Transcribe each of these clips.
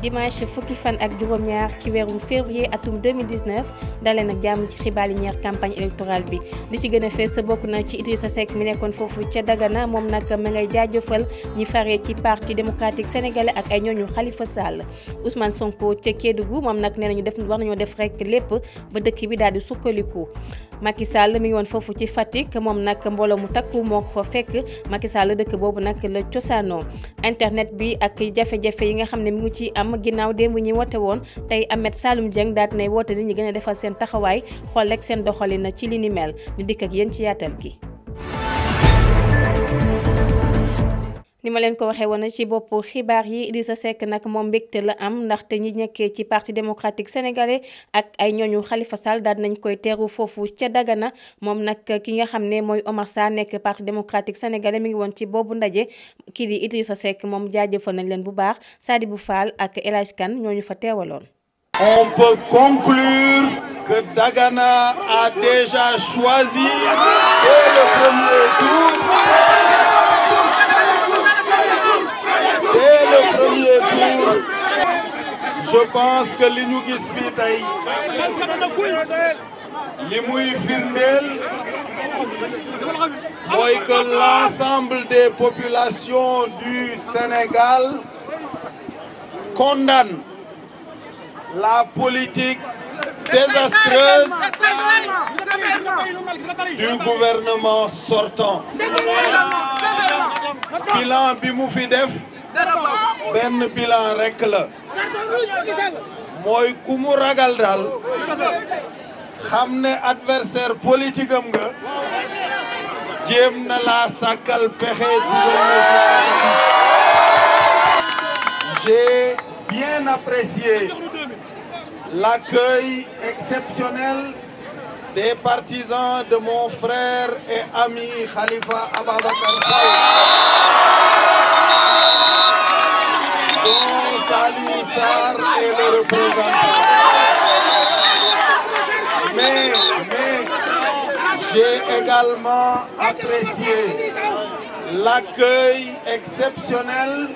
dimanche fukki fan ak juróom-ñaar ci weerum février atum 2019 dalee nag jàmm ci xibaar yi ñeer campagne électorale bi li ci gën a fees bokk na ci Idrissa Seck mi nekkoon foofu ca Dagana moom nag ma ngay jaajëfal ñi faree ci parti démocratique sénégalais ak ay ñooñu Khalifa Sall Ousmane Sonko ca Kédougou moom nag nee nañu def war nañoo def rek lépp ba dëkk bi daal di sukkaliku Macky Sall mi ngi woon foofu ci Fatick moom nag mbooloo mu takku moo ko fekk Macky Sall dëkk boobu nag la cosaanoo internet bi yi nga xam ne mi am ginnaaw démb ñi wote woon tey Ahmed Saloum Dieng daat nay woote nit ñu gën a defal seen taxawaay xool rek seen doxalina ci li ni mel ñu dikk ak yéen ci yaatal gi li ma leen ko waxee woon ci bopp xibaar yi Idrissa Seck nag moom mbégte la am te ñi nekkee ci parti démocratique sénégalais ak ay ñooñu Khalifa Sall daal nañ koy teeru foofu ca Dagana moom nag ki nga xam ne mooy Omar Sarr nekk parti démocratique sénégalais mi ngi woon ci boobu ndaje kii di sa Seck moom jaajëfal nañ leen bu baax bu faal ak El Hadj Kane ñooñu fa teewaloon. On peut conclure que Dagana a déjà choisi dès le premier je pense que li ñu gis fii tey li muy firndeel mooy populations du Sénégal condamne la politique désastreuse du gouvernement sortant bilan bi mu fi def bilan rekk mooy ku mu ragal daal xam ne adversaire politique am nga jéem na laa sàkkal pexe j'ai bien apprécié l'accueil exceptionnel des partisans de mon frère et ami Khalifa Ababacar Sall Saliou Sarr est le représentant. mais, j'ai également apprécié l'accueil exceptionnel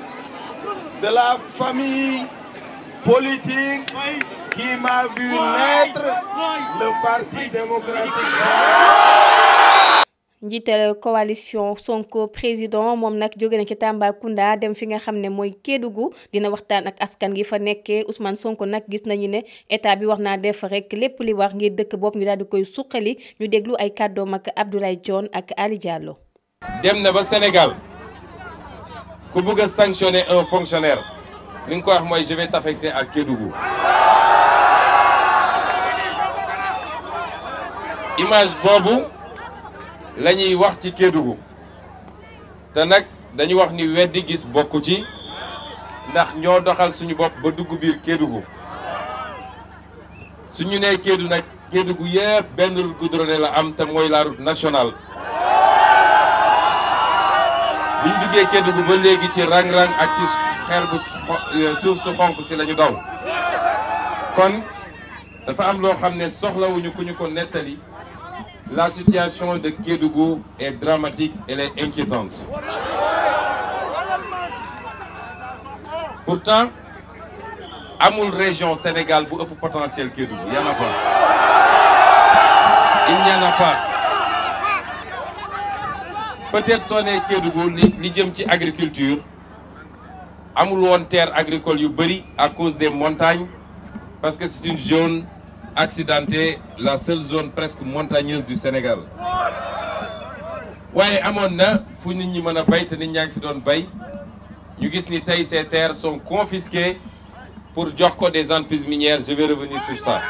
de la famille politique qui m'a vu naître, le Parti démocratique. njiital coalition Sonko président moom nag jóge na ci Tambacounda dem fi nga xam ne mooy Kédougou dina waxtaan ak askan gi fa nekkee usman Sonko nag gis nañu ne état bi wax naa def rek lépp li wax ngir dëkk bopp ñu daal di koy suqali ñu déglu ay kàddoo ak Abdoulaye Dione ak Ali Diallo. dem na ba Sénégal ku bëgg sanctionner un fonctionnaire li nga ko wax mooy je vais t'affecter à image boobu. lañuy wax ci Kédougou te nag dañu wax ni weddi gis bokku ci ndax ñoo doxal suñu bopp ba dugg biir Kédougou suñu nee Kédougou nag Kédougou yëpp benn route ne la am te mooy la route nationale biñ duggee Kédougou ba léegi ci rang-rang ak ci xeer bu euh, suuf su xonq si lañu ñu daw kon dafa am loo xam ne soxlawuñu ku ñu ko nettali La situation de Kédougou est dramatique, elle est inquiétante. Pourtant, amul région Sénégal bu ëpp potentiel Kédougou, il n'y a pas. pas. Peut-être soo nee Kédougou li jëm ci agriculture amul woon terre yu bëri à cause des montagnes parce que c'est une zone accidenté la seule zone presque montagneuse du Sénégal waaye amoon na fu nit ñi mën a bay te nit ñaa ngi fi doon bay ñu gis ni tey ces terres sont confisquées pour jox ko des entreprises minières je vais revenir sur ça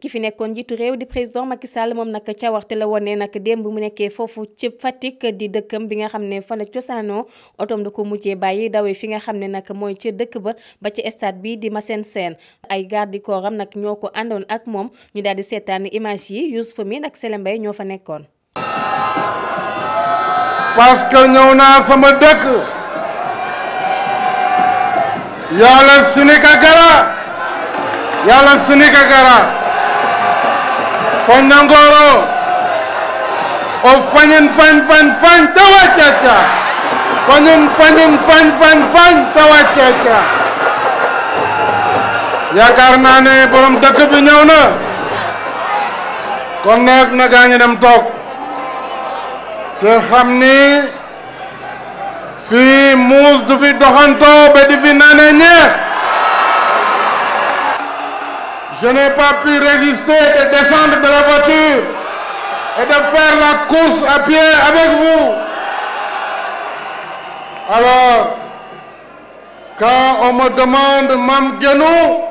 ki fi nekkoon njiitu réew di président Macky Sall moom nag ca waxte la wone nag démb mu nekkee foofu ci Fatick di dëkkam bi nga xam ne fa la cosaanoo otoom da ko mujjee bàyyi dawee fi nga xam ne nag mooy ca dëkk ba ba ci stade bii di Massène Sène ay garde du corps am nag ñoo ko àndoon ak moom ñu daal di seetaan image yi Youssouf mi ak Sélé Mbaye ñoo fa nekkoon. parce ñëw naa sama dëkk. yàlla sunika gara gara fonna ngoro o fañen fañ fañ fañ tawa caca fañen fañen fañ fañ fañ tawa caca yaakaar naa ne borom dëkk bi na kon na gaa ñu dem toog te xam ni fii muus du fi doxantoo ba di fi nane ñeex Je n'ai pas pu résister de descendre de la voiture et de faire la course à pied avec vous. Alors, quand on me demande Mam Guénou,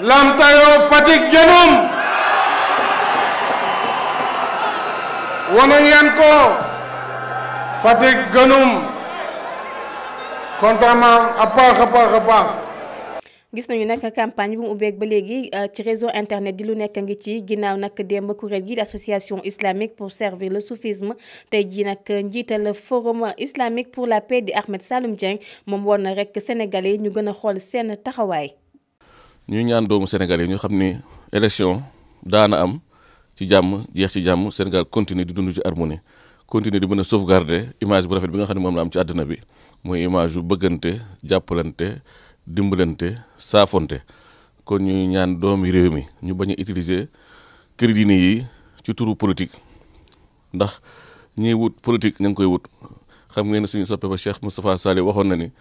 Lamtayo Fatick Guénoum, wane ngeen ko Fatick Guénoum kontaan naa a baax a baax a gis nañu nag campagne bi mu ubbeeg ba léegi euh, ci réseau internet di lu nekk ngi ci ginnaaw nag démb kuréel gi association islamique pour servir le soufisme tey jii nag njiital forum islamique pour la paix di Ahmed Saloum Dieng moom woon na rek sénégalais yi ñu gën a xool seen taxawaay. ñuy ñaan doomu sénégal yi ñu xam ni élection daana am ci jàmm jeex ci jàmm Sénégal continue di dund ci harmonie continuer di mën a sauvegarder image bu rafet bi nga xam ne moom am ci àddina bi mooy image yu bëggante jàppalante. dimbalente saafonte kon ñu ñaan doom yi réew mi ñu bañ a utiliser kër diine yi ci turu politique ndax ñiy wut politique ña ngi koy wut xam ngeen ne suñu soppe ba Cheikh Moustapha Sali waxoon na ni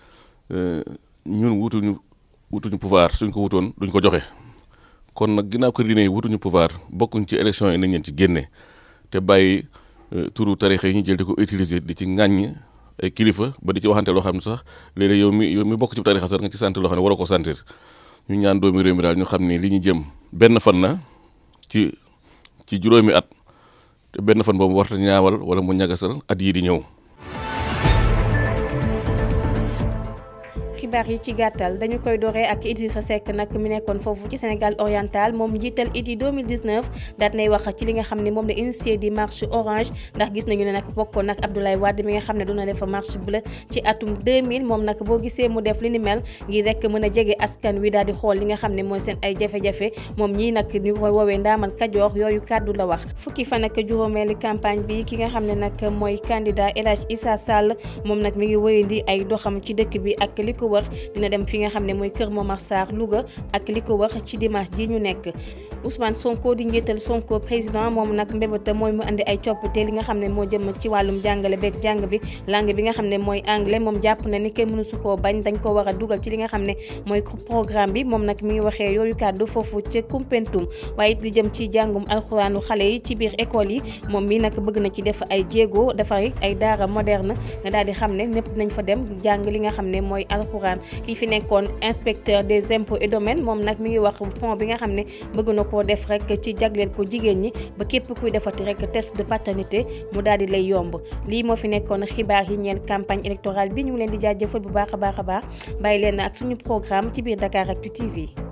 euh, ñun wutuñu wutuñu pouvoir suñ ko wutoon duñ ko joxe kon nag ginnaaw kër diine yi wutuñu pouvoir bokkuñ ci élection yi nañ leen ci génne te bàyyi euh, turu tarixa yi ñu jël di ko utiliser di ci ŋàññ ay kilifa ba di ci waxante loo xam ne sax léeg-léeg yow mi yow mi bokk ci tarixa sax nga ci sant loo xam ne waroo ko sentir ñu ñaan doomi réew mi daal ñu xam ni li ñu jëm benn fan na ci ci juróomi at te benn fan boobu warta ñaawal wala mu ñagasal at yii di ñëw xibaar yi ci gàttal dañu koy doree ak Idrissa Seck nag mi nekkoon foofu ci Sénégal oriental moom njiital Idy 2019 daat nay wax ci li nga xam ne moom la boo gisee mu def li ni mel ngir rek mën a jege askan wi daal xool li nga xam ne mooy seen ay jafe-jafe moom ñii nag ñu koy woowee ndaamal kajoor yooyu kàddu la wax fukki fan ak juróomeeli campagne bi ki nga xam ne nag mooy candidat El Hadj Issa moom nag mi ngi wëyandi ay doxam ci dëkk bi ak li ko wër dina dem fi nga xam ne mooy kër Momar Sarr Louga ak li ko wër ci dimanche ji ñu nekk Ousmane Sonko di njiital Sonko président moom nag mbébata mooy mu andi ay coppite li nga xam ne moo jëm ci wàllum jàngale beeg jàng bi langue bi nga xam ne mooy anglais moom jàpp na ni kenn mënu su koo bañ dañ ko war a dugal ci li nga xam ne mooy programme bi moom nag mi ngi waxee yooyu kàddu foofu ca Koumpentoum waaye it li jëm ci jàngum alxuraanu xale yi ci biir école yi moom mi nag bëgg na ci def ay jéego defar ay daara moderne nga daal xam ne ñëpp nañ fa dem jàng li nga xam ne mooy alxuraan nasaraan kii fi nekkoon inspecteur des impôts et domaines moom nag mi ngi wax fond bi nga xam ne bëgg na koo def rek ci jagleel ko jigéen ñi ba képp kuy defati rek test de paternité mu daal di lay yomb lii moo fi nekkoon xibaar yi ñeel campagne électorale bi ñu leen di jaajëfal bu baax a baax a baax bàyyi leen ak suñu programme ci biir Dakaractu TV